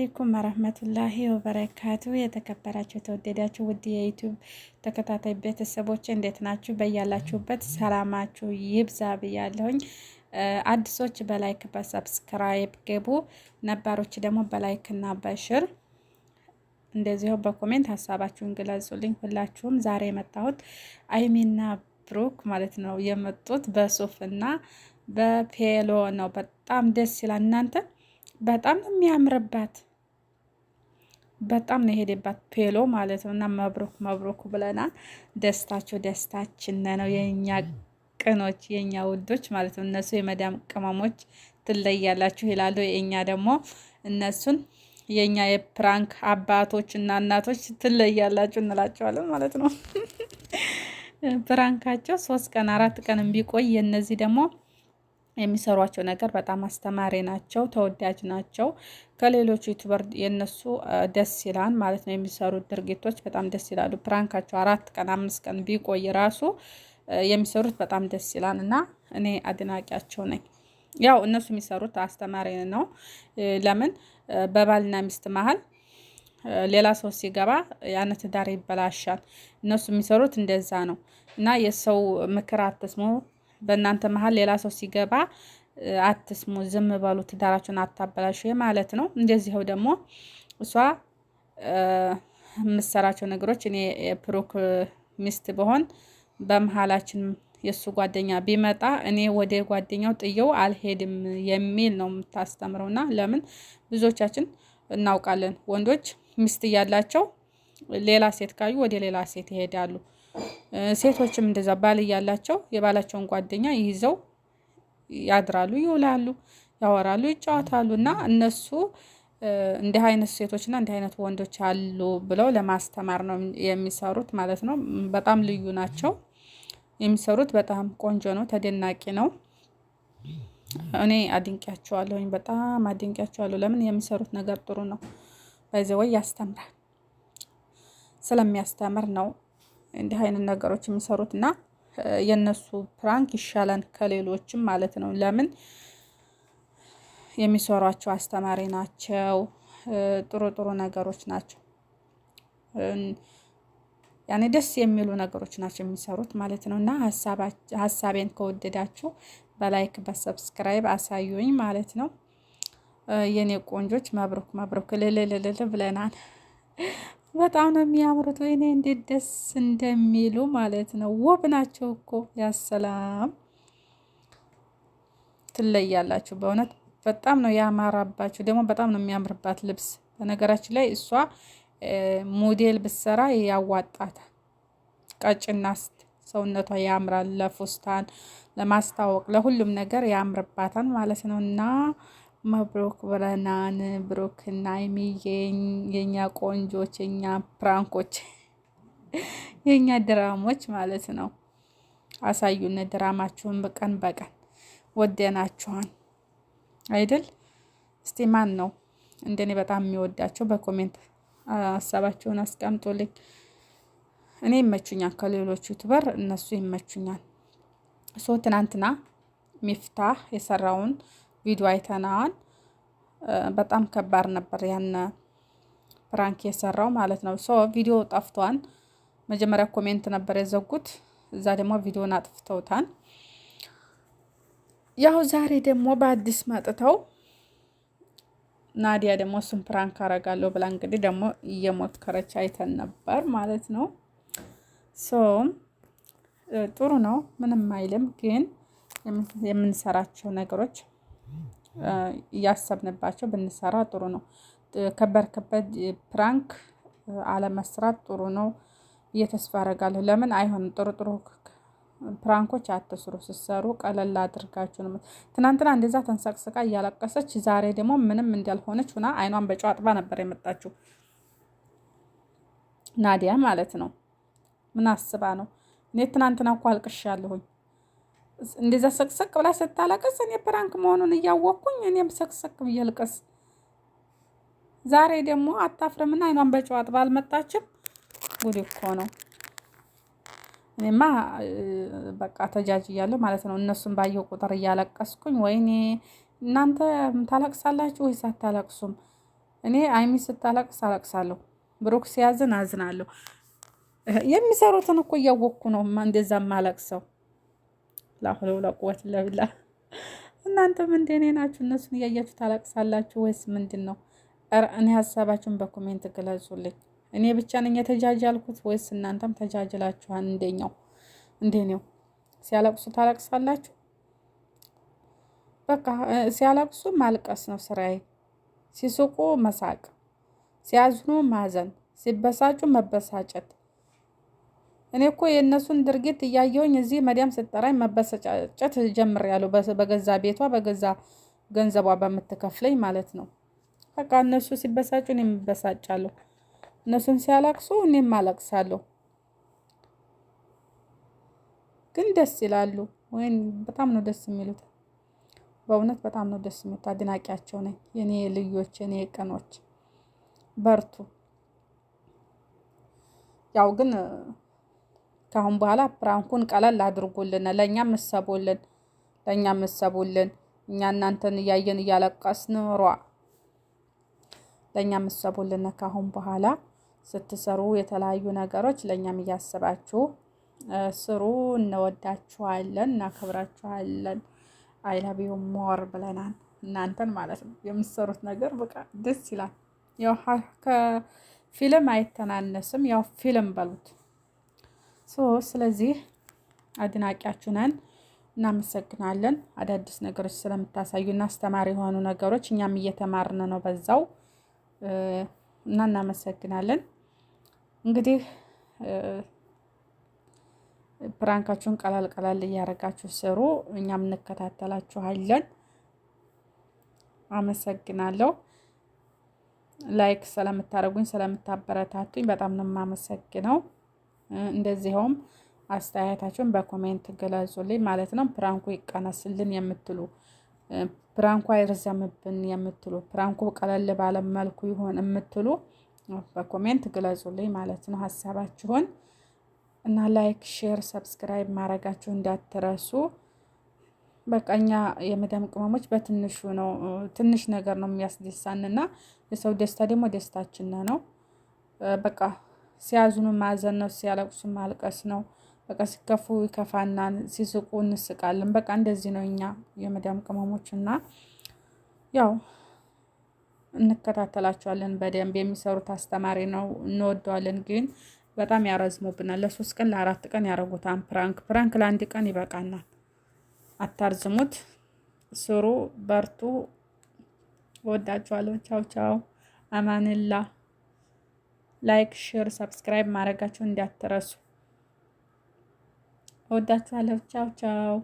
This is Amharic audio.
አለይኩም ወረህመቱላሂ ወበረካቱ። የተከበራችሁ የተወደዳችሁ ውድ የዩቱብ ተከታታይ ቤተሰቦች እንዴት ናችሁ? በያላችሁበት ሰላማችሁ ይብዛ ብያለሁኝ። አዲሶች በላይክ በሰብስክራይብ ግቡ፣ ነባሮች ደግሞ በላይክ እና በሽር እንደዚሁ በኮሜንት ሀሳባችሁን ግለጹልኝ። ሁላችሁም ዛሬ የመጣሁት አይሚና ብሩክ ማለት ነው የመጡት በሱፍና በፔሎ ነው። በጣም ደስ ይላል እናንተ በጣም የሚያምርባት በጣም ነው የሄደባት ፔሎ ማለት ነው። እና መብሮክ መብሮክ ብለናል። ደስታቸው ደስታችን ነው የእኛ ቅኖች የእኛ ውዶች ማለት ነው። እነሱ የመዳም ቅመሞች ትለያላችሁ ይላሉ። የእኛ ደግሞ እነሱን የእኛ የፕራንክ አባቶች እና እናቶች ትለያላችሁ እንላቸዋለን ማለት ነው። ፕራንካቸው ሶስት ቀን አራት ቀን ቢቆይ የእነዚህ ደግሞ የሚሰሯቸው ነገር በጣም አስተማሪ ናቸው፣ ተወዳጅ ናቸው። ከሌሎቹ ዩቱበር የነሱ ደስ ይላል ማለት ነው። የሚሰሩት ድርጊቶች በጣም ደስ ይላሉ። ፕራንካቸው አራት ቀን አምስት ቀን ቢቆይ ራሱ የሚሰሩት በጣም ደስ ይላል እና እኔ አድናቂያቸው ነኝ። ያው እነሱ የሚሰሩት አስተማሪ ነው። ለምን በባልና ሚስት መሀል ሌላ ሰው ሲገባ ያን ትዳር ይበላሻል። እነሱ የሚሰሩት እንደዛ ነው እና የሰው ምክር አትስሙ። በእናንተ መሀል ሌላ ሰው ሲገባ አትስሙ፣ ዝም በሉ፣ ትዳራችሁን አታበላሹ ማለት ነው። እንደዚህው ደግሞ እሷ የምሰራቸው ነገሮች እኔ የብሩክ ሚስት በሆን በመሀላችን የእሱ ጓደኛ ቢመጣ እኔ ወደ ጓደኛው ጥየው አልሄድም የሚል ነው የምታስተምረው እና ለምን ብዙዎቻችን እናውቃለን። ወንዶች ሚስት እያላቸው ሌላ ሴት ካዩ ወደ ሌላ ሴት ይሄዳሉ። ሴቶችም እንደዛ ባል እያላቸው የባላቸውን ጓደኛ ይይዘው ያድራሉ፣ ይውላሉ፣ ያወራሉ፣ ይጫወታሉ እና እነሱ እንዲህ አይነት ሴቶችና እንዲህ አይነት ወንዶች አሉ ብለው ለማስተማር ነው የሚሰሩት ማለት ነው። በጣም ልዩ ናቸው የሚሰሩት። በጣም ቆንጆ ነው፣ ተደናቂ ነው። እኔ አድንቂያቸዋለሁኝ፣ በጣም አድንቂያቸዋለሁ። ለምን የሚሰሩት ነገር ጥሩ ነው፣ ወይ ያስተምራል። ስለሚያስተምር ነው እንዲህ አይነት ነገሮች የሚሰሩት እና የእነሱ ፕራንክ ይሻላል ከሌሎችም ማለት ነው። ለምን የሚሰሯቸው አስተማሪ ናቸው። ጥሩ ጥሩ ነገሮች ናቸው። ያኔ ደስ የሚሉ ነገሮች ናቸው የሚሰሩት ማለት ነው። እና ሀሳቤን ከወደዳችሁ በላይክ በሰብስክራይብ አሳዩኝ ማለት ነው። የኔ ቆንጆች መብሩክ መብሩክ ልልልልል ብለናል። በጣም ነው የሚያምሩት። ወይኔ እንዴት ደስ እንደሚሉ ማለት ነው። ውብ ናቸው እኮ ያሰላም ትለያላችሁ። በእውነት በጣም ነው ያማራባችሁ። ደግሞ በጣም ነው የሚያምርባት ልብስ። በነገራችን ላይ እሷ ሞዴል ብትሰራ ያዋጣታል። ቀጭና ሰውነቷ ያምራል። ለፎስታን ለማስታወቅ ለሁሉም ነገር ያምርባታል ማለት ነው እና መብሮክ ብለናን ብሩክና ሀይሚ የኛ ቆንጆች፣ የኛ ፕራንኮች፣ የኛ ድራሞች ማለት ነው። አሳዩን ድራማችሁን በቀን በቀን ወደናችኋን አይደል? እስቲ ማን ነው እንደኔ በጣም የሚወዳቸው? በኮሜንት ሀሳባቸውን አስቀምጦልኝ። እኔ ይመቹኛል፣ ከሌሎቹ ዩቱበር እነሱ ይመቹኛል። ሶ ትናንትና ሚፍታህ የሰራውን ቪዲዮ አይተናል። በጣም ከባድ ነበር ያነ ፕራንክ የሰራው ማለት ነው። ሶ ቪዲዮ ጠፍቷን መጀመሪያ ኮሜንት ነበር የዘጉት፣ እዛ ደግሞ ቪዲዮን አጥፍተውታል። ያው ዛሬ ደግሞ በአዲስ መጥተው ናዲያ ደግሞ እሱን ፕራንክ አረጋለሁ ብላ እንግዲህ ደግሞ እየሞከረች አይተን ነበር ማለት ነው። ሶ ጥሩ ነው፣ ምንም አይልም። ግን የምንሰራቸው ነገሮች እያሰብንባቸው ብንሰራ ጥሩ ነው። ከበድ ከበድ ፕራንክ አለመስራት ጥሩ ነው። እየተስፋ አደርጋለሁ። ለምን አይሆንም? ጥሩ ጥሩ ፕራንኮች አትስሩ። ስሰሩ ቀለል አድርጋችሁ ነው። ትናንትና እንደዛ ተንሰቅስቃ እያለቀሰች ዛሬ ደግሞ ምንም እንዳልሆነች ሁና አይኗን በጨው አጥባ ነበር የመጣችው ናዲያ ማለት ነው። ምን አስባ ነው? እኔ ትናንትና እኮ አልቅሻለሁኝ። እንደዛ ሰቅሰቅ ብላ ስታለቅስ እኔ ፕራንክ መሆኑን እያወቅኩኝ እኔም ሰቅሰቅ ብዬ ዛሬ ደግሞ አታፍርምና አይኗን በጨዋት ባልመጣችም ጉድ እኮ ነው። እኔማ በቃ ተጃጅያለሁ ማለት ነው። እነሱን ባየሁ ቁጥር እያለቀስኩኝ ወይኔ እናንተ ታለቅሳላችሁ ወይስ አታለቅሱም? እኔ አይሚ ስታለቅስ አለቅሳለሁ፣ ብሩክ ሲያዝን አዝናለሁ። የሚሰሩትን እኮ እያወቅኩ ነው እንደዛ ማለቅሰው። ላሁለ ወላ ቁወት ኢላ እናንተም እንደኔ ናችሁ? እነሱን እያያችሁ ታለቅሳላችሁ ወይስ ምንድን ነው? እኔ ሀሳባችሁን በኮሜንት ግለጹልኝ። እኔ ብቻ ነኝ የተጃጃልኩት ወይስ እናንተም ተጃጅላችኋል? እንደኛው እንደኔው ሲያለቅሱ ታለቅሳላችሁ። በቃ ሲያለቅሱ ማልቀስ ነው ስራዬ፣ ሲስቁ መሳቅ፣ ሲያዝኑ ማዘን፣ ሲበሳጩ መበሳጨት እኔ እኮ የእነሱን ድርጊት እያየውኝ እዚህ መዲያም ስጠራኝ መበሰጫጨት ጀምሬያለሁ። በገዛ ቤቷ በገዛ ገንዘቧ በምትከፍለኝ ማለት ነው። በቃ እነሱ ሲበሳጩ እኔም እበሳጫለሁ። እነሱን ሲያለቅሱ እኔም አለቅሳለሁ። ግን ደስ ይላሉ ወይም በጣም ነው ደስ የሚሉት። በእውነት በጣም ነው ደስ የሚሉት። አድናቂያቸው ነኝ። የኔ ልዮች፣ የኔ ቅኖች በርቱ። ያው ግን ከአሁን በኋላ ፕራንኩን ቀለል አድርጉልን፣ ለእኛም እሰቡልን፣ ለእኛም እሰቡልን። እኛ እናንተን እያየን እያለቀስን ሯ ለእኛም እሰቡልን። ከአሁን በኋላ ስትሰሩ የተለያዩ ነገሮች ለእኛም እያስባችሁ ስሩ። እንወዳችኋለን፣ እናከብራችኋለን። አይለቢው ሞር ብለናል። እናንተን ማለት ነው። የምትሰሩት ነገር በቃ ደስ ይላል። ያው ከፊልም አይተናነስም። ያው ፊልም በሉት ሶ ስለዚህ አድናቂያችሁ ነን፣ እናመሰግናለን። አዳዲስ ነገሮች ስለምታሳዩና አስተማሪ የሆኑ ነገሮች እኛም እየተማርን ነው በዛው እና እናመሰግናለን። እንግዲህ ፕራንካችሁን ቀላል ቀላል እያደረጋችሁ ስሩ፣ እኛም እንከታተላችኋለን። አመሰግናለሁ። ላይክ ስለምታደርጉኝ ስለምታበረታቱኝ በጣም ነው የማመሰግነው። እንደዚሁም አስተያየታችሁን በኮሜንት ገላጹልኝ ማለት ነው። ፕራንኩ ይቀነስልን የምትሉ ፕራንኩ አይርዘምብን የምትሉ ፕራንኩ ቀለል ባለ መልኩ ይሆን የምትሉ በኮሜንት ግለጹልኝ ማለት ነው ሀሳባችሁን እና ላይክ፣ ሼር፣ ሰብስክራይብ ማድረጋችሁ እንዳትረሱ። በቃ እኛ ቅመሞች በትንሹ ነው ትንሽ ነገር ነው የሚያስደሳንና የሰው ደስታ ደግሞ ደስታችን ነው። በቃ ሲያዝኑ ማዘን ነው፣ ሲያለቅሱ ማልቀስ ነው። በቃ ሲከፉ ይከፋና ሲስቁ እንስቃለን። በቃ እንደዚህ ነው እኛ የመዳም ቅመሞች እና ያው እንከታተላቸዋለን በደንብ የሚሰሩት አስተማሪ ነው፣ እንወደዋለን። ግን በጣም ያረዝሙብናል። ለሶስት ቀን ለአራት ቀን ያደረጉታን ፕራንክ ፕራንክ ለአንድ ቀን ይበቃናል። አታርዝሙት። ስሩ፣ በርቱ። ወዳችኋለሁ። ቻው ቻው። አማንላ ላይክ፣ ሼር፣ ሰብስክራይብ ማድረጋችሁን እንዳትረሱ። እወዳችኋለሁ። ቻው ቻው።